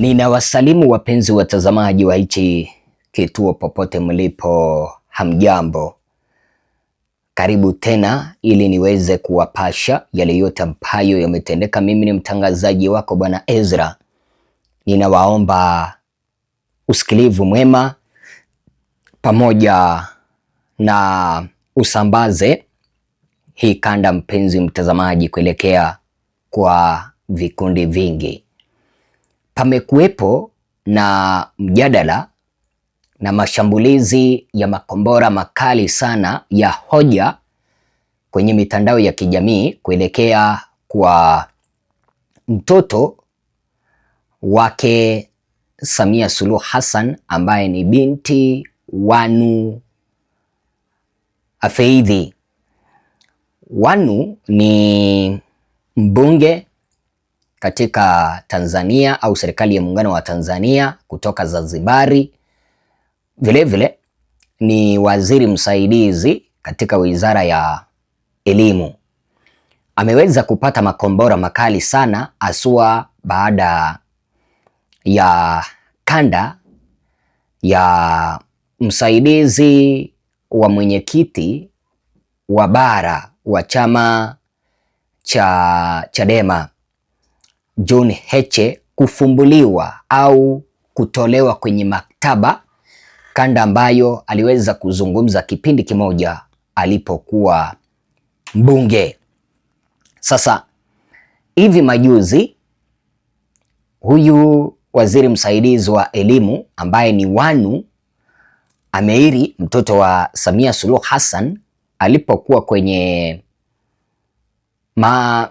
Ninawasalimu wapenzi watazamaji wa hichi kituo popote mlipo, hamjambo. Karibu tena ili niweze kuwapasha yale yote ambayo yametendeka. Mimi ni mtangazaji wako Bwana Ezra. Ninawaomba usikilivu mwema pamoja na usambaze hii kanda, mpenzi mtazamaji, kuelekea kwa vikundi vingi pamekuwepo na mjadala na mashambulizi ya makombora makali sana ya hoja kwenye mitandao ya kijamii kuelekea kwa mtoto wake Samia Suluhu Hassan ambaye ni binti Wanu Afeidhi. Wanu ni mbunge katika Tanzania au serikali ya muungano wa Tanzania kutoka Zanzibari. Vilevile ni waziri msaidizi katika wizara ya elimu. Ameweza kupata makombora makali sana asua baada ya kanda ya msaidizi wa mwenyekiti wa bara wa chama cha Chadema John Heche kufumbuliwa au kutolewa kwenye maktaba, kanda ambayo aliweza kuzungumza kipindi kimoja alipokuwa mbunge. Sasa hivi majuzi huyu waziri msaidizi wa elimu ambaye ni Wanu Ameiri, mtoto wa Samia Suluhu Hassan alipokuwa kwenye ma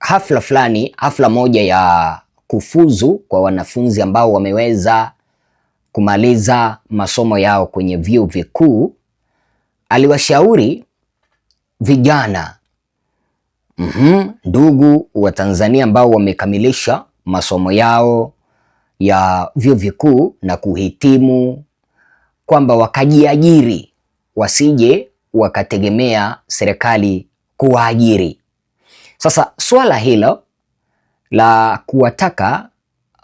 hafla fulani, hafla moja ya kufuzu kwa wanafunzi ambao wameweza kumaliza masomo yao kwenye vyuo vikuu, aliwashauri vijana mm -hmm, ndugu wa Tanzania ambao wamekamilisha masomo yao ya vyuo vikuu na kuhitimu kwamba wakajiajiri, wasije wakategemea serikali kuwaajiri. Sasa swala hilo la kuwataka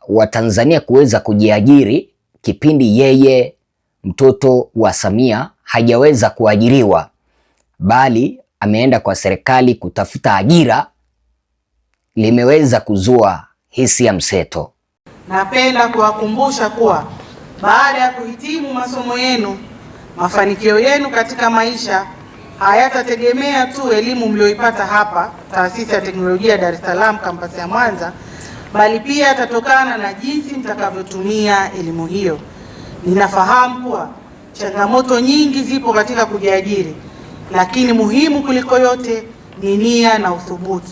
Watanzania kuweza kujiajiri kipindi yeye mtoto wa Samia hajaweza kuajiriwa, bali ameenda kwa serikali kutafuta ajira, limeweza kuzua hisia mseto. Napenda kuwakumbusha kuwa baada ya kuhitimu masomo yenu, mafanikio yenu katika maisha hayatategemea tu elimu mlioipata hapa Taasisi ya Teknolojia ya Dar es Salaam kampasi ya Mwanza, bali pia yatatokana na jinsi mtakavyotumia elimu hiyo. Ninafahamu kuwa changamoto nyingi zipo katika kujiajiri, lakini muhimu kuliko yote ni nia na uthubutu,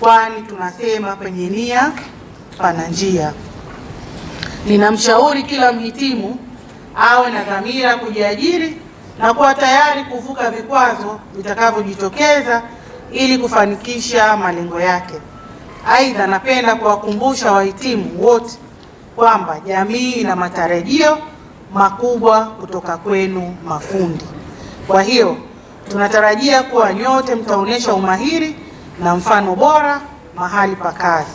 kwani tunasema kwenye nia pana njia. Ninamshauri kila mhitimu awe na dhamira kujiajiri na kuwa tayari kuvuka vikwazo vitakavyojitokeza ili kufanikisha malengo yake. Aidha, napenda kuwakumbusha wahitimu wote kwamba jamii ina matarajio makubwa kutoka kwenu mafundi. Kwa hiyo tunatarajia kuwa nyote mtaonyesha umahiri na mfano bora mahali pa kazi.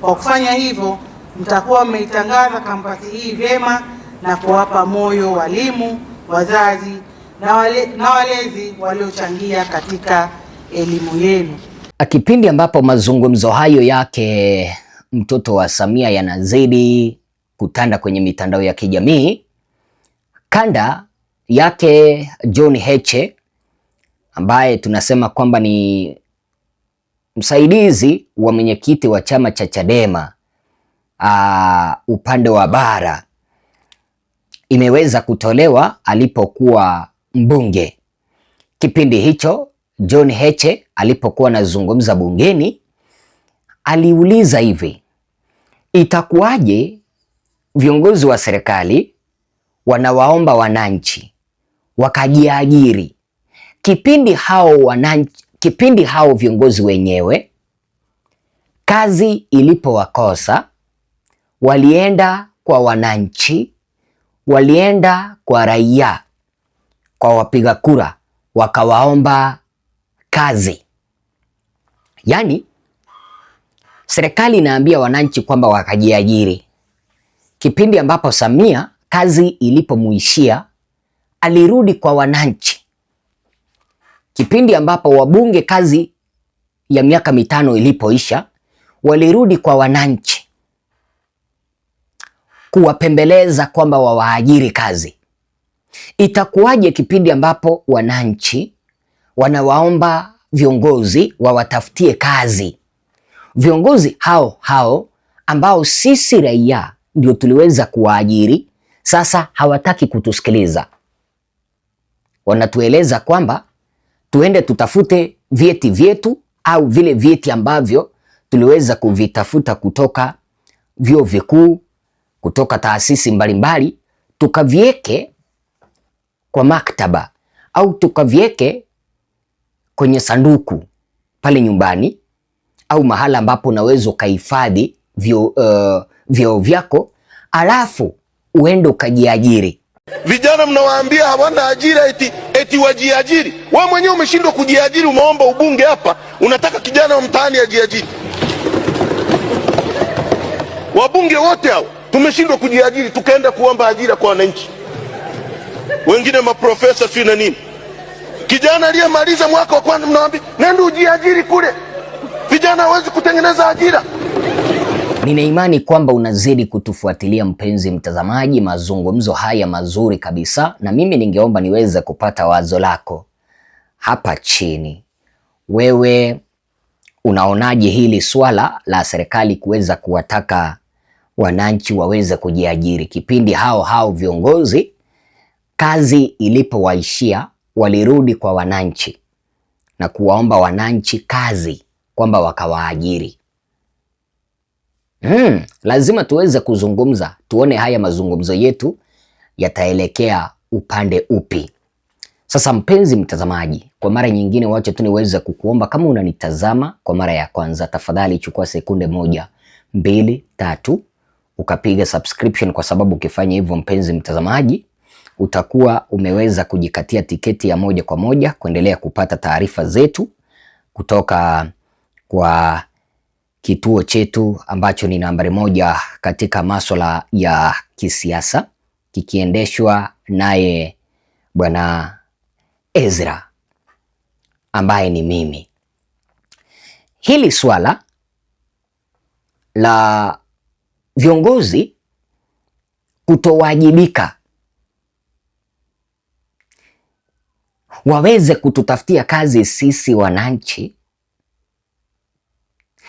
Kwa kufanya hivyo, mtakuwa mmeitangaza kampasi hii vyema na kuwapa moyo walimu, wazazi na, wale, na walezi waliochangia katika elimu yenu. Kipindi ambapo mazungumzo hayo yake mtoto wa Samia yanazidi kutanda kwenye mitandao ya kijamii, kanda yake John Heche ambaye tunasema kwamba ni msaidizi wa mwenyekiti wa chama cha Chadema upande wa bara imeweza kutolewa alipokuwa mbunge. Kipindi hicho John Heche alipokuwa anazungumza bungeni aliuliza hivi, itakuwaje viongozi wa serikali wanawaomba wananchi wakajiajiri kipindi hao wananchi, kipindi hao viongozi wenyewe kazi ilipowakosa walienda kwa wananchi, walienda kwa raia kwa wapiga kura wakawaomba kazi. Yaani serikali inaambia wananchi kwamba wakajiajiri, kipindi ambapo Samia kazi ilipomuishia alirudi kwa wananchi, kipindi ambapo wabunge kazi ya miaka mitano ilipoisha walirudi kwa wananchi kuwapembeleza kwamba wawaajiri kazi. Itakuwaje kipindi ambapo wananchi wanawaomba viongozi wawatafutie kazi, viongozi hao hao ambao sisi raia ndio tuliweza kuwaajiri, sasa hawataki kutusikiliza. Wanatueleza kwamba tuende tutafute vyeti vyetu au vile vyeti ambavyo tuliweza kuvitafuta kutoka vyuo vikuu, kutoka taasisi mbalimbali, tukavieke kwa maktaba au tukavieke kwenye sanduku pale nyumbani au mahala ambapo unaweza ukahifadhi eh, vyoo uh, vyo vyako, alafu uende ukajiajiri. Vijana mnawaambia hawana ajira eti, eti wajiajiri. Wewe mwenyewe umeshindwa kujiajiri, umeomba ubunge hapa, unataka kijana wa mtaani ajiajiri. Wabunge wote hao tumeshindwa kujiajiri, tukaenda kuomba ajira kwa wananchi wengine maprofesa sio na nini. Kijana aliyemaliza mwaka wa kwanza mnawaambia nenda ujiajiri kule, vijana hawezi kutengeneza ajira. Nina imani kwamba unazidi kutufuatilia mpenzi mtazamaji, mazungumzo haya mazuri kabisa, na mimi ningeomba niweze kupata wazo lako hapa chini. Wewe unaonaje hili swala la serikali kuweza kuwataka wananchi waweze kujiajiri, kipindi hao hao viongozi Kazi ilipowaishia walirudi kwa wananchi na kuwaomba wananchi kazi kwamba wakawaajiri. Hmm, lazima tuweze kuzungumza tuone haya mazungumzo yetu yataelekea upande upi. Sasa mpenzi mtazamaji, kwa mara nyingine, wacha tu niweze kukuomba kama unanitazama kwa mara ya kwanza, tafadhali chukua sekunde moja, mbili, tatu ukapiga subscription, kwa sababu ukifanya hivyo mpenzi mtazamaji utakuwa umeweza kujikatia tiketi ya moja kwa moja kuendelea kupata taarifa zetu kutoka kwa kituo chetu ambacho ni nambari moja katika masuala ya kisiasa kikiendeshwa naye Bwana Ezra ambaye ni mimi. Hili swala la viongozi kutowajibika waweze kututafutia kazi sisi wananchi,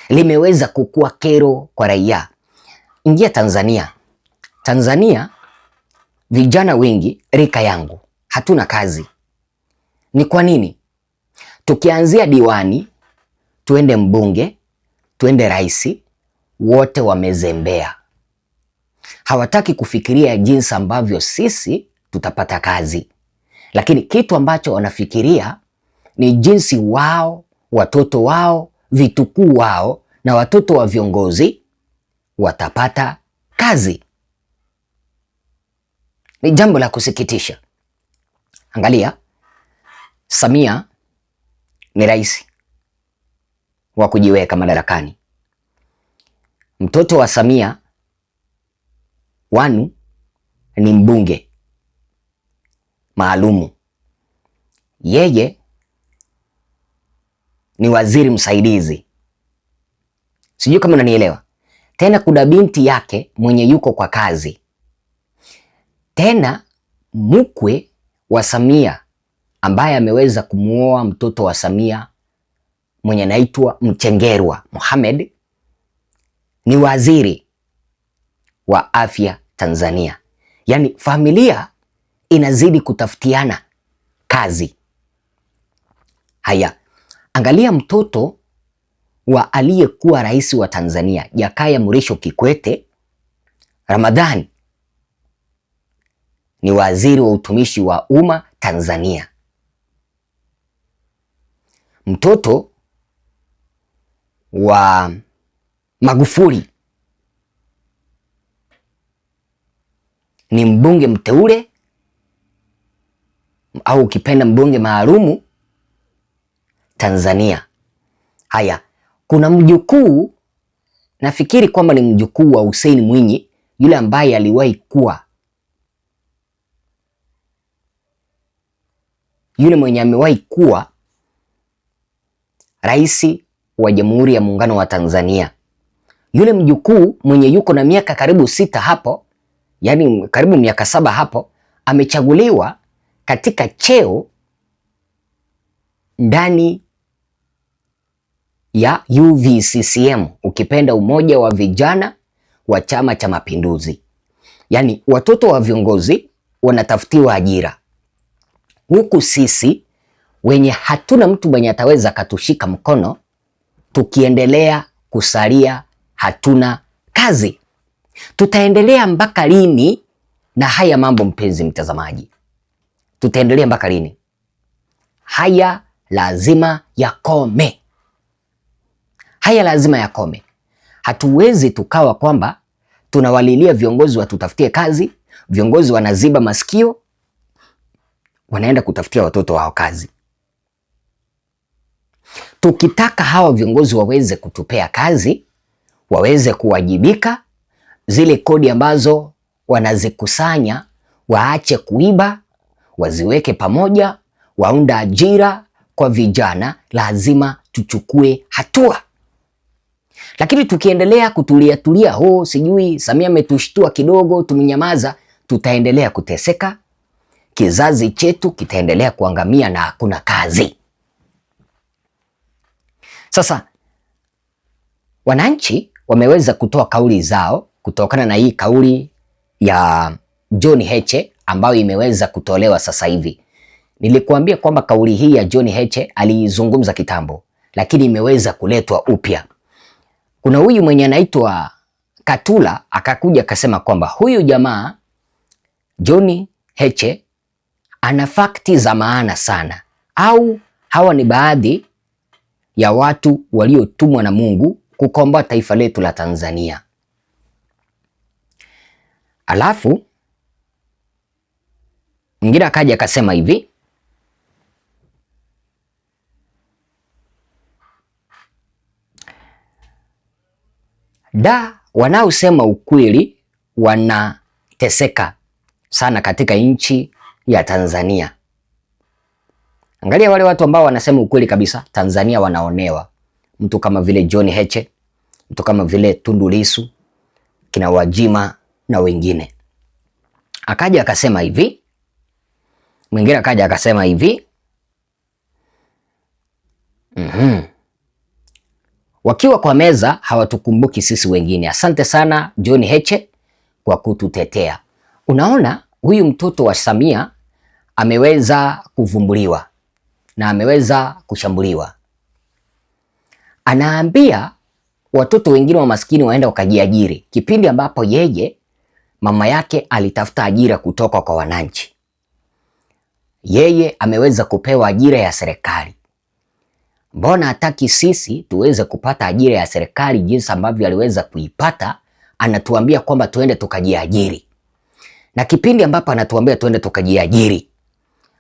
limeweza kukua kero kwa raia. Ingia Tanzania. Tanzania vijana wengi rika yangu hatuna kazi. Ni kwa nini? Tukianzia diwani tuende mbunge tuende rais, wote wamezembea, hawataki kufikiria jinsi ambavyo sisi tutapata kazi lakini kitu ambacho wanafikiria ni jinsi wao, watoto wao, vitukuu wao na watoto wa viongozi watapata kazi. Ni jambo la kusikitisha. Angalia, Samia ni rais wa kujiweka madarakani. Mtoto wa Samia Wanu ni mbunge maalumu. Yeye ni waziri msaidizi, sijui kama unanielewa. Tena kuna binti yake mwenye yuko kwa kazi, tena mkwe wa Samia ambaye ameweza kumwoa mtoto wa Samia mwenye anaitwa Mchengerwa Mohamed ni waziri wa afya Tanzania. Yaani familia inazidi kutafutiana kazi. Haya, angalia mtoto wa aliyekuwa rais wa Tanzania Jakaya Mrisho Kikwete, Ramadhani ni waziri wa utumishi wa umma Tanzania. Mtoto wa Magufuli ni mbunge mteule au ukipenda mbunge maalumu Tanzania. Haya, kuna mjukuu nafikiri kwamba ni mjukuu wa Hussein Mwinyi yule ambaye aliwahi kuwa yule mwenye amewahi kuwa rais wa Jamhuri ya Muungano wa Tanzania, yule mjukuu mwenye yuko na miaka karibu sita hapo, yaani karibu miaka saba hapo, amechaguliwa katika cheo ndani ya UVCCM, ukipenda umoja wa vijana wa Chama cha Mapinduzi. Yaani watoto wa viongozi wanatafutiwa ajira, huku sisi wenye hatuna mtu mwenye ataweza akatushika mkono tukiendelea kusalia hatuna kazi. Tutaendelea mpaka lini na haya mambo, mpenzi mtazamaji? tutaendelea mpaka lini? Haya lazima yakome, haya lazima yakome. Hatuwezi tukawa kwamba tunawalilia viongozi watutafutie kazi, viongozi wanaziba masikio, wanaenda kutafutia watoto wao kazi. Tukitaka hawa viongozi waweze kutupea kazi, waweze kuwajibika, zile kodi ambazo wanazikusanya waache kuiba waziweke pamoja, waunda ajira kwa vijana. Lazima tuchukue hatua, lakini tukiendelea kutulia tulia, ho, sijui Samia ametushtua kidogo, tumenyamaza, tutaendelea kuteseka, kizazi chetu kitaendelea kuangamia na hakuna kazi. Sasa wananchi wameweza kutoa kauli zao kutokana na hii kauli ya John Heche ambayo imeweza kutolewa sasa hivi. Nilikuambia kwamba kauli hii ya John Heche aliizungumza kitambo, lakini imeweza kuletwa upya. Kuna huyu mwenye anaitwa Katula akakuja akasema kwamba huyu jamaa John Heche ana fakti za maana sana, au hawa ni baadhi ya watu waliotumwa na Mungu kukomboa taifa letu la Tanzania. Alafu Mwingine akaja akasema hivi, da, wanaosema ukweli wanateseka sana katika nchi ya Tanzania. Angalia wale watu ambao wanasema ukweli kabisa, Tanzania wanaonewa. Mtu kama vile John Heche, mtu kama vile Tundu Lissu, kina Wajima na wengine. Akaja akasema hivi Mwingine akaja akasema hivi mm -hmm. Wakiwa kwa meza hawatukumbuki sisi wengine. Asante sana John Heche kwa kututetea. Unaona, huyu mtoto wa Samia ameweza kuvumbuliwa na ameweza kushambuliwa, anaambia watoto wengine wa maskini waenda wakajiajiri, kipindi ambapo yeye mama yake alitafuta ajira kutoka kwa wananchi yeye ameweza kupewa ajira ya serikali, mbona hataki sisi tuweze kupata ajira ya serikali jinsi ambavyo aliweza kuipata? Anatuambia kwamba tuende tukajiajiri, na kipindi ambapo anatuambia tuende tukajiajiri,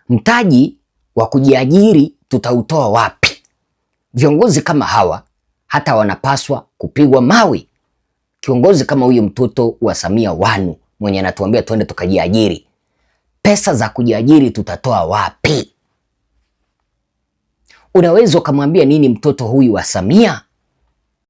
mtaji wa kujiajiri tutautoa wapi? Viongozi kama hawa hata wanapaswa kupigwa mawe. Kiongozi kama huyu mtoto wa Samia Wanu mwenye anatuambia tuende tukajiajiri pesa za kujiajiri tutatoa wapi? Unaweza ukamwambia nini mtoto huyu wa Samia?